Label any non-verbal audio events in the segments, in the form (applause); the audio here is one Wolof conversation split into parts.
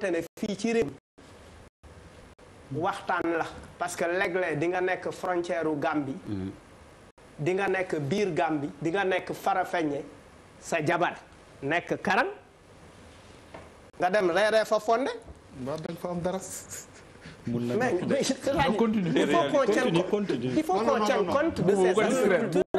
te ne fii ci réew waxtaan la parce que léeg di nga nekk frontière u Gambie mm-hmm. nekk biir Gambie di nga nekk Farafeñe sa jabar nekk Karang nga dem reeree fa fonde (laughs) il faut qu'on tienne compte de ces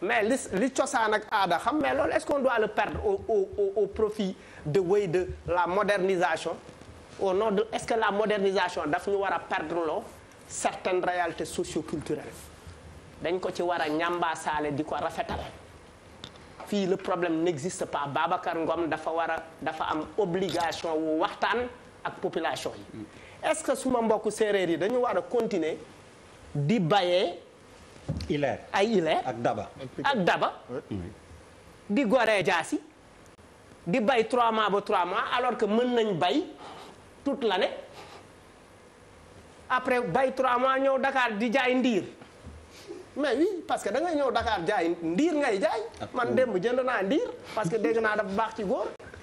mais li li ak aada xam est-ce qu'on doit le perdre au au au profit de way de la modernisation au nom de est-ce que la modernisation doit perdre loo certaines réalités socioculturelles culturelles ko ci wara a sale di ko fi le problème n'existe pas Babacar Ngom dafa une dafa am obligation wu waxtaan ak population est-ce que suma mbokk séeréer yi dañu wara continuer di bayee ileer ay ileer ak daba ak daba di goree jaasi di bay 3 mois ba trois mois alors que mën nañ bay tout la l'année après bay 3 mois ñëw dakaar di jaay ndiir mais oui parce que da ngay ñëw Dakar jaay ndiir ngay jaay man démb jënd naa ndiir parce que dégg naa dafa baax ci góor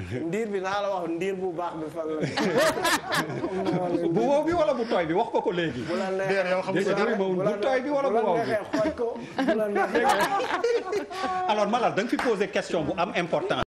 ndiir bi naa la wax ndiir bu baax bi fan (laughs) bu wow bi wala bu tooy bi wax ko ko léegi. bu la neexee bu tooy bi wala bu wow bi. xooj ko bu la (laughs) neexee alors Malal da nga fi posé question bu am important.